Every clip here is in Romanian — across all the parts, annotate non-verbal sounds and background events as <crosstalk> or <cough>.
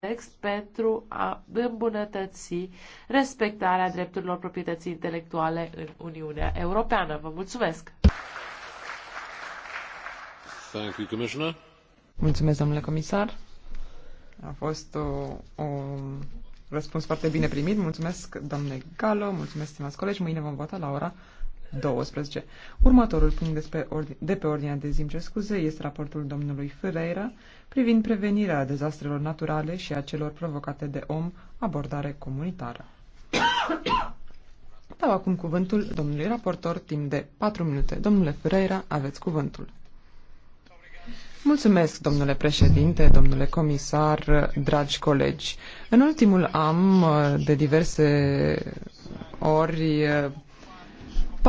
text pentru a îmbunătăți respectarea drepturilor proprietății intelectuale în Uniunea Europeană. Vă mulțumesc! Thank you, Commissioner. Mulțumesc, domnule comisar. A fost o, o răspuns foarte bine primit. Mulțumesc, domnule Galo, mulțumesc, stimați colegi. Mâine vom vota la ora 12. Următorul punct de pe ordinea de zi, ce scuze, este raportul domnului Ferreira privind prevenirea dezastrelor naturale și a celor provocate de om, abordare comunitară. <coughs> Dau acum cuvântul domnului raportor timp de 4 minute. Domnule Ferreira, aveți cuvântul. Mulțumesc, domnule președinte, domnule comisar, dragi colegi. În ultimul an, de diverse ori,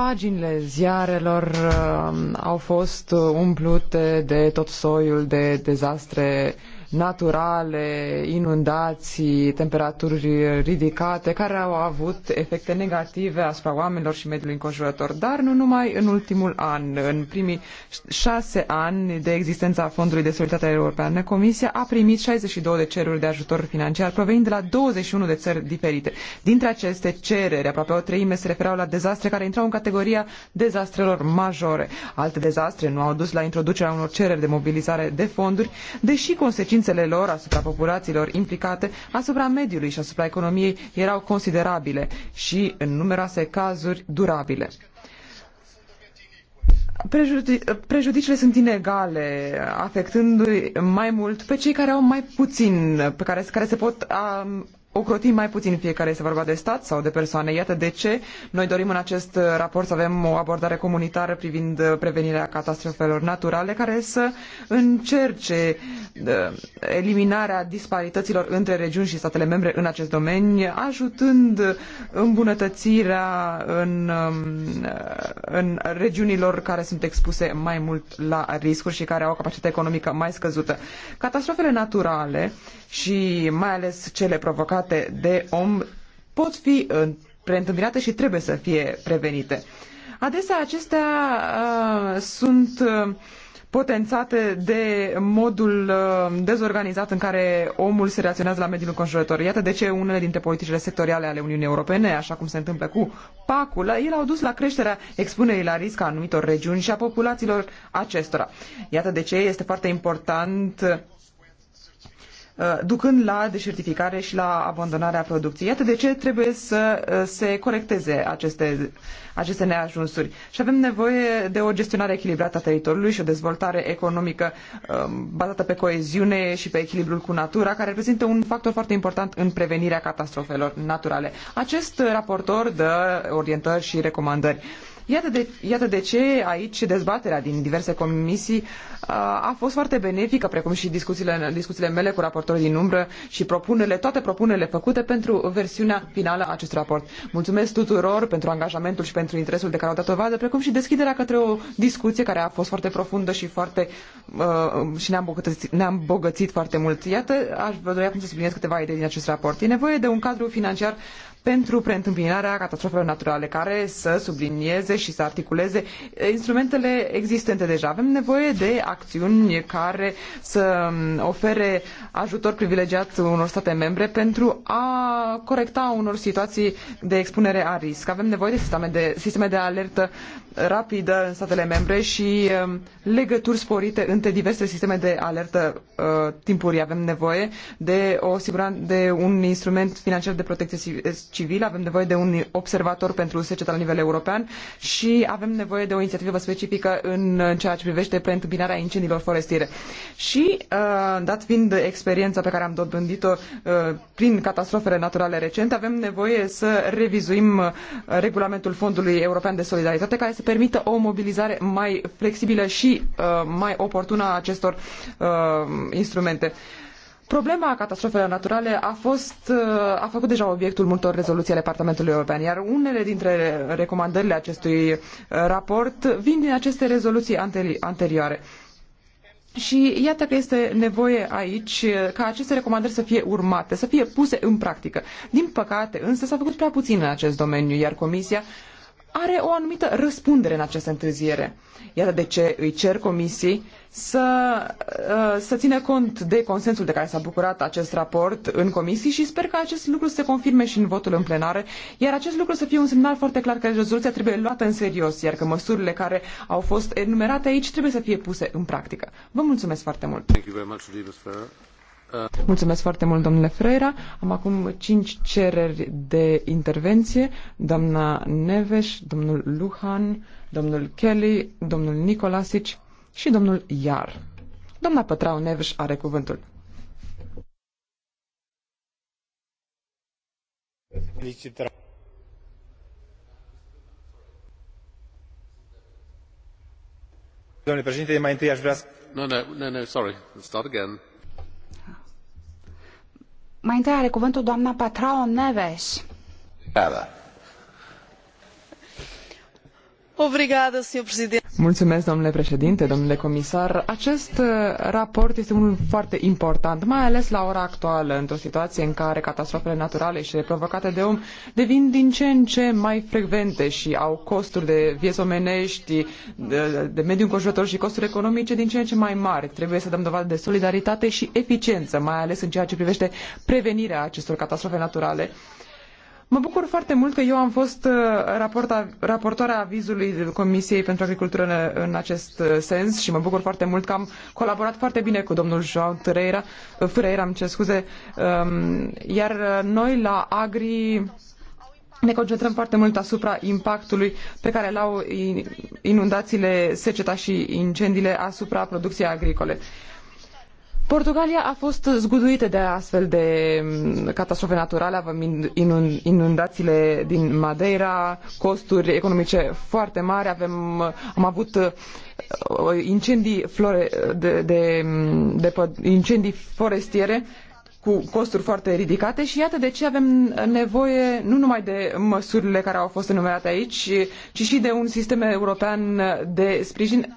paginile ziarelor uh, au fost uh, umplute de tot soiul de dezastre uh, naturale, inundații, temperaturi ridicate, care au avut efecte negative asupra oamenilor și mediului înconjurător. Dar nu numai în ultimul an, în primii șase ani de existența Fondului de Solidaritate Europeană, Comisia a primit 62 de cereri de ajutor financiar provenind de la 21 de țări diferite. Dintre aceste cereri, aproape o treime se refereau la dezastre care intrau în categoria dezastrelor majore. Alte dezastre nu au dus la introducerea unor cereri de mobilizare de fonduri, deși consecințele consecințele lor asupra populațiilor implicate, asupra mediului și asupra economiei erau considerabile și, în numeroase cazuri, durabile. Prejudi prejudiciile sunt inegale, afectându-i mai mult pe cei care au mai puțin, pe care, care se pot ocrotim mai puțin fie care este vorba de stat sau de persoane. Iată de ce noi dorim în acest raport să avem o abordare comunitară privind prevenirea catastrofelor naturale care să încerce uh, eliminarea disparităților între regiuni și statele membre în acest domeniu, ajutând îmbunătățirea în, um, în regiunilor care sunt expuse mai mult la riscuri și care au o capacitate economică mai scăzută. Catastrofele naturale și mai ales cele provocate legate de om pot fi uh, preîntâmpinate și trebuie să fie prevenite. Adesea acestea uh, sunt uh, potențate de modul uh, dezorganizat în care omul se reacționează la mediul înconjurător. Iată de ce unele dintre politicile sectoriale ale Uniunii Europene, așa cum se întâmplă cu PAC-ul, ele au dus la creșterea expunerii la risc a anumitor regiuni și a populațiilor acestora. Iată de ce este foarte important Uh, ducând la deșertificare și la abandonarea producției. Iată de ce trebuie să uh, se corecteze aceste, aceste neajunsuri. Și avem nevoie de o gestionare echilibrată a teritoriului și o dezvoltare economică um, bazată pe coeziune și pe echilibrul cu natura, care reprezintă un factor foarte important în prevenirea catastrofelor naturale. Acest raportor dă orientări și recomandări. Iată de, iată de ce aici dezbaterea din diverse comisii uh, a fost foarte benefică, precum și discuțiile, discuțiile mele cu raportorii din umbră și propunerile, toate propunerile făcute pentru versiunea finală a acestui raport. Mulțumesc tuturor pentru angajamentul și pentru interesul de care au dat dovadă, precum și deschiderea către o discuție care a fost foarte profundă și foarte uh, și ne-am bogățit, ne bogățit foarte mult. Iată, aș vrea acum să subliniez câteva idei din acest raport. E nevoie de un cadru financiar pentru preîntâmpinarea catastrofelor naturale, care să sublinieze și să articuleze instrumentele existente deja. Avem nevoie de acțiuni care să ofere ajutor privilegiat unor state membre pentru a corecta unor situații de expunere a risc. Avem nevoie de sisteme de, sisteme de alertă rapidă în statele membre și um, legături sporite între diverse sisteme de alertă uh, timpurii. Avem nevoie de, o, de un instrument financiar de protecție civil, avem nevoie de un observator pentru seceta la nivel european și avem nevoie de o inițiativă specifică în ceea ce privește preîntâmpinarea incendiilor forestiere. Și, uh, dat fiind experiența pe care am dobândit-o uh, prin catastrofele naturale recente, avem nevoie să revizuim uh, regulamentul Fondului European de Solidaritate care să permită o mobilizare mai flexibilă și mai oportună a acestor instrumente. Problema catastrofelor naturale a fost uh, a făcut deja obiectul multor rezoluții ale Parlamentului European, iar unele dintre recomandările acestui uh, raport vin din aceste rezoluții anterioare. Și iată că este nevoie aici uh, ca aceste recomandări să fie urmate, să fie puse în practică. Din păcate, însă, s-a făcut prea puțin în acest domeniu, iar Comisia are o anumită răspundere în această întârziere. Iată de ce îi cer comisiei să, uh, să țină cont de consensul de care s-a bucurat acest raport în comisii și sper că acest lucru să se confirme și în votul în plenare, iar acest lucru să fie un semnal foarte clar că rezoluția trebuie luată în serios, iar că măsurile care au fost enumerate aici trebuie să fie puse în practică. Vă mulțumesc foarte mult! Mulțumesc foarte mult, domnule Freira. Am acum cinci cereri de intervenție. Doamna Neveș, domnul Luhan, domnul Kelly, domnul Nicolasici și domnul Iar. Doamna Pătrau Neveș are cuvântul. Felicitări. Domnule președinte, mai întâi aș vrea să... No, no, no, no, sorry. Start again. Mai întâi are cuvântul doamna Patrao Neves. Da, Mulțumesc, domnule președinte, domnule comisar. Acest uh, raport este unul foarte important, mai ales la ora actuală, într-o situație în care catastrofele naturale și provocate de om devin din ce în ce mai frecvente și au costuri de vieți omenești, de, de mediu înconjurător și costuri economice din ce în ce mai mari. Trebuie să dăm dovadă de solidaritate și eficiență, mai ales în ceea ce privește prevenirea acestor catastrofe naturale. Mă bucur foarte mult că eu am fost uh, raporta, raportoarea avizului Comisiei pentru Agricultură în, în acest uh, sens și mă bucur foarte mult că am colaborat foarte bine cu domnul João Ferreira, uh, Ferreira îmi cer scuze, um, iar noi la Agri ne concentrăm foarte mult asupra impactului pe care l-au inundațiile, seceta și incendiile asupra producției agricole. Portugalia a fost zguduită de astfel de mm, catastrofe naturale, avem inundațiile din Madeira, costuri economice foarte mari, avem, am avut uh, incendii, flore, de, de, mm, de, de incendii forestiere cu costuri foarte ridicate și iată de ce avem nevoie nu numai de măsurile care au fost enumerate aici, ci și de un sistem european de sprijin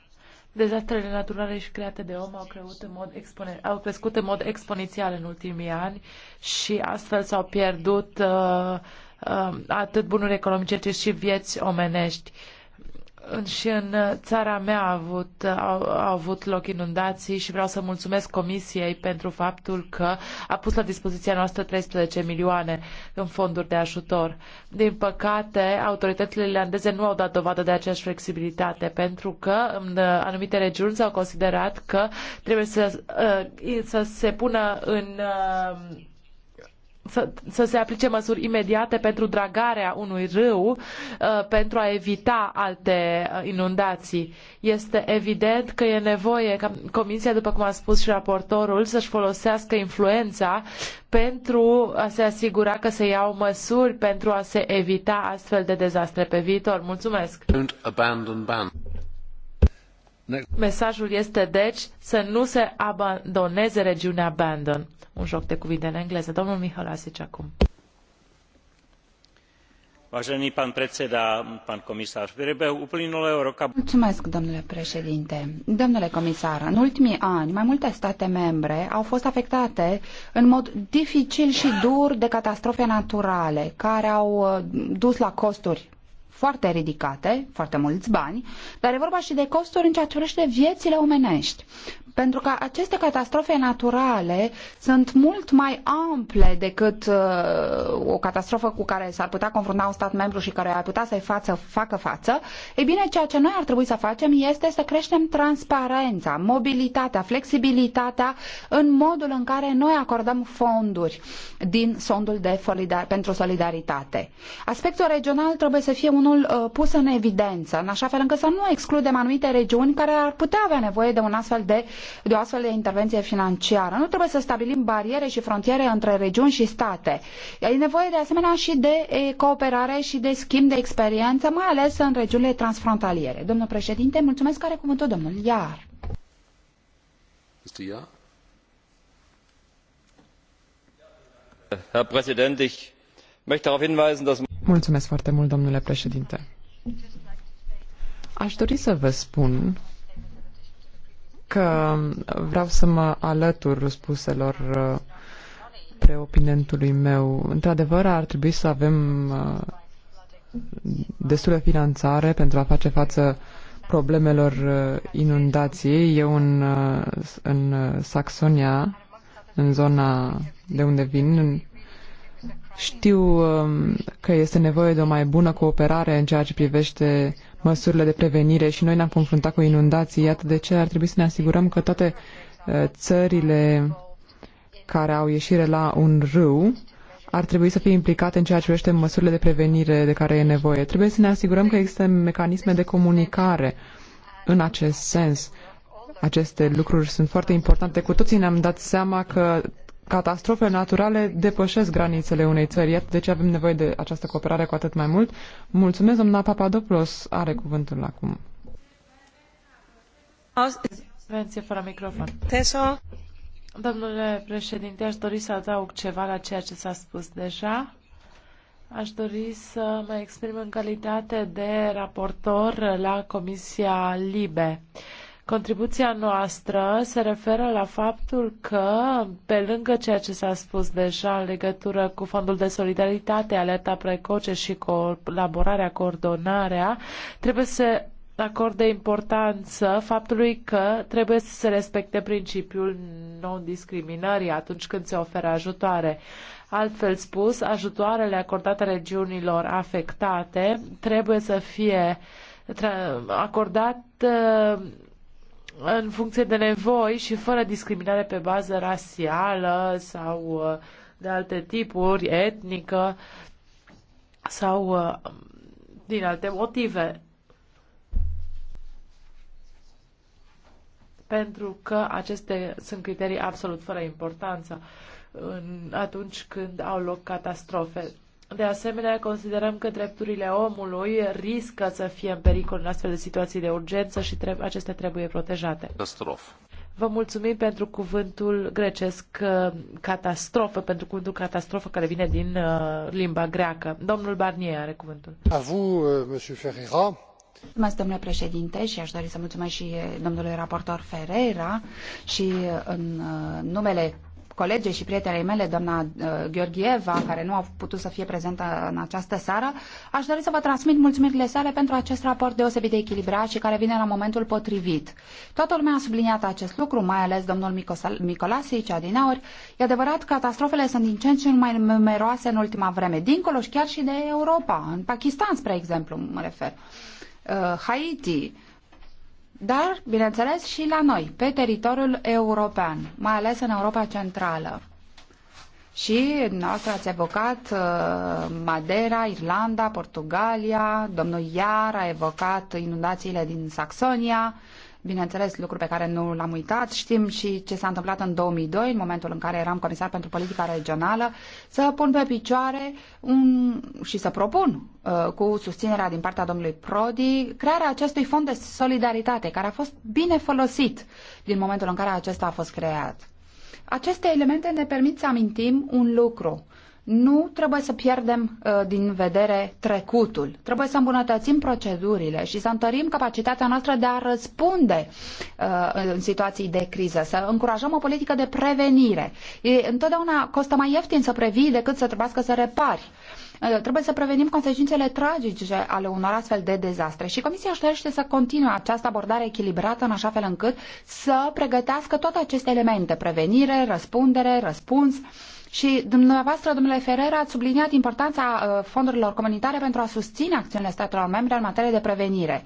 Dezastrele naturale și create de om au, în mod expone- au crescut în mod exponențial în ultimii ani și astfel s-au pierdut uh, uh, atât bunuri economice cât și vieți omenești. Uh, și în uh, țara mea a avut, uh, au, au avut loc inundații și vreau să mulțumesc Comisiei pentru faptul că a pus la dispoziția noastră 13 milioane în fonduri de ajutor. Din păcate, autoritățile irlandeze nu au dat dovadă de aceeași flexibilitate pentru că în uh, anumite regiuni s-au considerat că trebuie să, să se pună în să, să se aplice măsuri imediate pentru dragarea unui râu uh, pentru a evita alte uh, inundații. Este evident că e nevoie ca Comisia, după cum a spus și raportorul, să-și folosească influența pentru a se asigura că se iau măsuri pentru a se evita astfel de dezastre pe viitor. Mulțumesc! Don't abandon ban. Mesajul este, deci, să nu se abandoneze regiunea Bandon. Un joc de cuvinte în engleză. Domnul Mihalasic acum. Vážený pán predseda, pán komisár, v priebehu uplynulého roka... Mulțumesc, domnule președinte. Domnule comisar, în ultimii ani, mai multe state membre au fost afectate în mod dificil și dur de catastrofe naturale, care au uh, dus la costuri foarte ridicate, foarte mulți bani, dar e vorba și de costuri în ceea ce privește viețile omenești pentru că aceste catastrofe naturale sunt mult mai ample decât uh, o catastrofă cu care s-ar putea confrunta un stat membru și care ar putea să-i față, facă față, e bine, ceea ce noi ar trebui să facem este să creștem transparența, mobilitatea, flexibilitatea în modul în care noi acordăm fonduri din sondul de solidar- pentru solidaritate. Aspectul regional trebuie să fie unul uh, pus în evidență, în așa fel încât să nu excludem anumite regiuni care ar putea avea nevoie de un astfel de uh, de o astfel de intervenție financiară. Nu trebuie să stabilim bariere și frontiere între regiuni și state. E nevoie de asemenea și de cooperare și de schimb de experiență, mai ales în regiunile transfrontaliere. Domnul președinte, mulțumesc care cuvântul domnul Iar. Este Iar? herr präsident! ich möchte darauf hinweisen dass. mulțumesc foarte mult domnule președinte. aș dori să vă spun că vreau să mă alătur spuselor uh, preopinentului meu. Într-adevăr, ar trebui să avem uh, destulă finanțare pentru a face față problemelor uh, inundației. Eu în, în Saxonia, în zona de unde vin, știu um, că este nevoie de o mai bună cooperare în ceea ce privește măsurile de prevenire și noi ne-am confruntat cu inundații. Iată de ce ar trebui să ne asigurăm că toate uh, țările care au ieșire la un râu ar trebui să fie implicate în ceea ce privește măsurile de prevenire de care e nevoie. Trebuie să ne asigurăm că există mecanisme de comunicare în acest sens. Aceste lucruri sunt foarte importante. Cu toții ne-am dat seama că catastrofe naturale depășesc granițele unei țări. deci ce avem nevoie de această cooperare cu atât mai mult. Mulțumesc, doamna Papadopoulos are cuvântul acum. Intervenție fără microfon. Teso. Domnule președinte, aș dori să adaug ceva la ceea ce s-a spus deja. Aș dori să mă exprim în calitate de raportor la Comisia LIBE. Uh, Contribuția noastră se referă la faptul că, pe lângă ceea ce s-a spus deja în legătură cu Fondul de Solidaritate, alerta precoce și colaborarea, coordonarea, trebuie să acorde importanță faptului că trebuie să se respecte principiul non-discriminării atunci când se oferă ajutoare. Altfel spus, ajutoarele acordate regiunilor afectate trebuie să fie acordat uh, în funcție de nevoi și fără discriminare pe bază rasială sau uh, de alte tipuri, etnică sau uh, din alte motive. Pentru că aceste sunt criterii absolut fără importanță atunci când au loc catastrofe. De asemenea, considerăm că drepturile omului riscă să fie în pericol în astfel de situații de urgență și treb- acestea trebuie protejate. Catastrof. Vă mulțumim pentru cuvântul grecesc uh, catastrofă, pentru cuvântul catastrofă care vine din uh, limba greacă. Domnul Barnier are cuvântul. A vous, uh, monsieur Ferreira. Mulțumesc, domnule președinte, și aș dori să mulțumesc și uh, domnului raportor Ferreira și în numele colegei și prietenei mele, doamna uh, Gheorgheva, care nu a putut să fie prezentă în această seară, aș dori să vă transmit mulțumirile sale pentru acest raport deosebit de echilibrat și care vine la momentul potrivit. Toată lumea a subliniat acest lucru, mai ales domnul Micolasi, cea din aur. E adevărat, catastrofele sunt din ce în ce mai numeroase în ultima vreme, dincolo și chiar și de Europa, în Pakistan, spre exemplu, mă refer, uh, Haiti, dar, bineînțeles, și la noi, pe teritoriul european, mai ales în Europa Centrală. Și noastră ați evocat uh, Madeira, Irlanda, Portugalia, domnul Iar a evocat inundațiile din Saxonia, uh, bineînțeles, lucru pe care nu l-am uitat. Știm și ce s-a întâmplat în 2002, în momentul în care eram comisar pentru politica regională, să pun pe picioare un, și să propun uh, cu susținerea din partea domnului Prodi, crearea acestui fond de solidaritate, care a fost bine folosit din momentul în care acesta a fost creat. Aceste elemente ne permit să amintim un lucru, nu trebuie să pierdem uh, din vedere trecutul. Trebuie să îmbunătățim procedurile și să întărim capacitatea noastră de a răspunde uh, în situații de criză, să încurajăm o politică de prevenire. E, întotdeauna costă mai ieftin să previi decât să trebuiască să repari. Uh, trebuie să prevenim consecințele tragice ale unor astfel de dezastre și Comisia își dorește să continue această abordare echilibrată în așa fel încât să pregătească toate aceste elemente, prevenire, răspundere, răspuns, uh, și dumneavoastră, domnule Ferrer, ați subliniat importanța uh, fondurilor comunitare pentru a susține acțiunile statelor membre în materie de prevenire.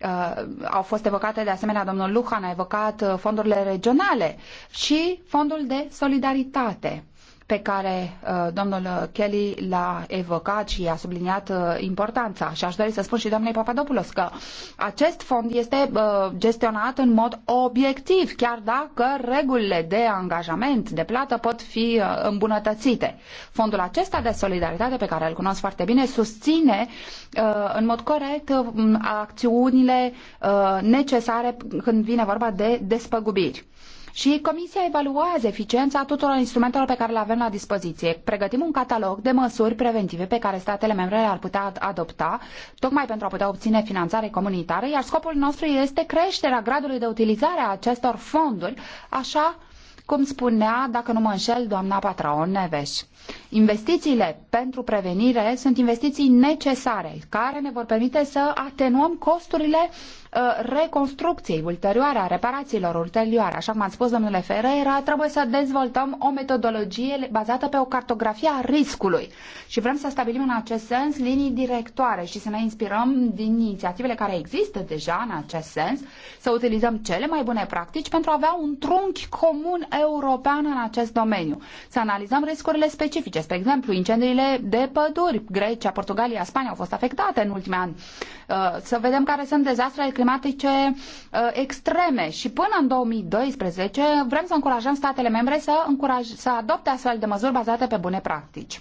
Uh, au fost evocate de asemenea, domnul Luhan a evocat uh, fondurile regionale și fondul de solidaritate pe care uh, domnul Kelly l-a evocat și a subliniat uh, importanța. Și aș dori să spun și doamnei Papadopoulos că acest fond este uh, gestionat în mod obiectiv, chiar dacă regulile de angajament, de plată pot fi uh, îmbunătățite. Fondul acesta de solidaritate, pe care îl cunosc foarte bine, susține uh, în mod corect uh, acțiunile uh, necesare când vine vorba de despăgubiri și Comisia evaluează eficiența tuturor instrumentelor pe care le avem la dispoziție. Pregătim un catalog de măsuri preventive pe care statele membre le-ar putea adopta, tocmai pentru a putea obține finanțare comunitară, iar scopul nostru este creșterea gradului de utilizare a acestor fonduri, așa cum spunea, dacă nu mă înșel, doamna Patraon Neveș. Investițiile pentru prevenire sunt investiții necesare care ne vor permite să atenuăm costurile uh, reconstrucției ulterioare, a reparațiilor ulterioare. Așa cum ați spus, domnule Ferreira, trebuie să dezvoltăm o metodologie bazată pe o cartografie a riscului. Și vrem să stabilim în acest sens linii directoare și să ne inspirăm din inițiativele care există deja în acest sens, să utilizăm cele mai bune practici pentru a avea un trunchi comun european în acest domeniu, să analizăm riscurile specifice climatice. Deci, spre exemplu, incendiile de păduri, Grecia, Portugalia, Spania au fost afectate în ultimii ani. Uh, să vedem care sunt dezastrele climatice uh, extreme și până în 2012 vrem să încurajăm statele membre să, încuraj, să adopte astfel de măsuri bazate pe bune practici.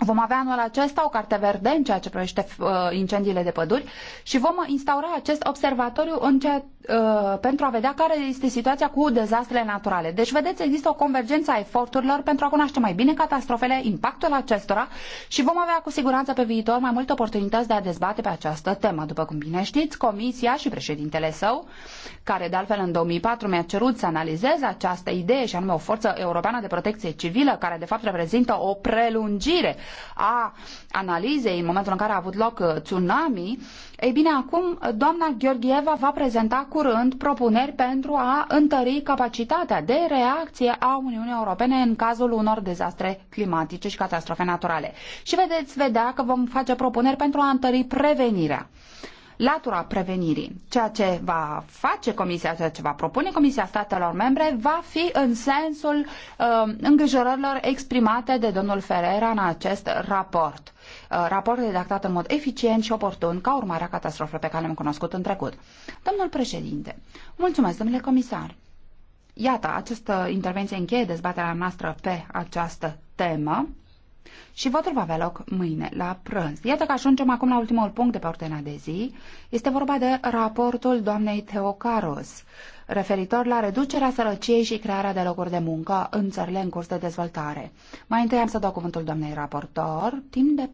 Vom avea anul acesta o carte verde în ceea ce privește uh, incendiile de păduri și vom instaura acest observatoriu în ceea Uh, pentru a vedea care este situația cu dezastrele naturale. Deci, vedeți, există o convergență a eforturilor pentru a cunoaște mai bine catastrofele, impactul acestora și vom avea cu siguranță pe viitor mai multe oportunități de a dezbate pe această temă. După cum bine știți, Comisia și președintele său, care de altfel în 2004 mi-a cerut să analizeze această idee și anume o forță europeană de protecție civilă, care de fapt reprezintă o prelungire a analizei în momentul în care a avut loc uh, tsunami, ei bine, acum uh, doamna Gheorgheva va prezenta cu curând propuneri pentru a întări capacitatea de reacție a Uniunii Europene în cazul unor dezastre climatice și catastrofe naturale. Și vedeți vedea că vom face propuneri pentru a întări prevenirea latura prevenirii. Ceea ce va face Comisia, ceea ce va propune Comisia statelor membre, va fi în sensul uh, îngrijorărilor exprimate de domnul Ferreira în acest raport. Uh, raport redactat în mod eficient și oportun ca urmare a catastrofelor pe care le-am cunoscut în trecut. Domnul președinte, mulțumesc, domnule comisar. Iată, această intervenție încheie dezbaterea noastră pe această temă. Și votul va avea loc mâine, la prânz. Iată că ajungem acum la ultimul punct de pe ordinea de zi. Este vorba de raportul doamnei Teocaros, referitor la reducerea sărăciei și crearea de locuri de muncă în țările în curs de dezvoltare. Mai întâi am să dau cuvântul doamnei raportor, timp de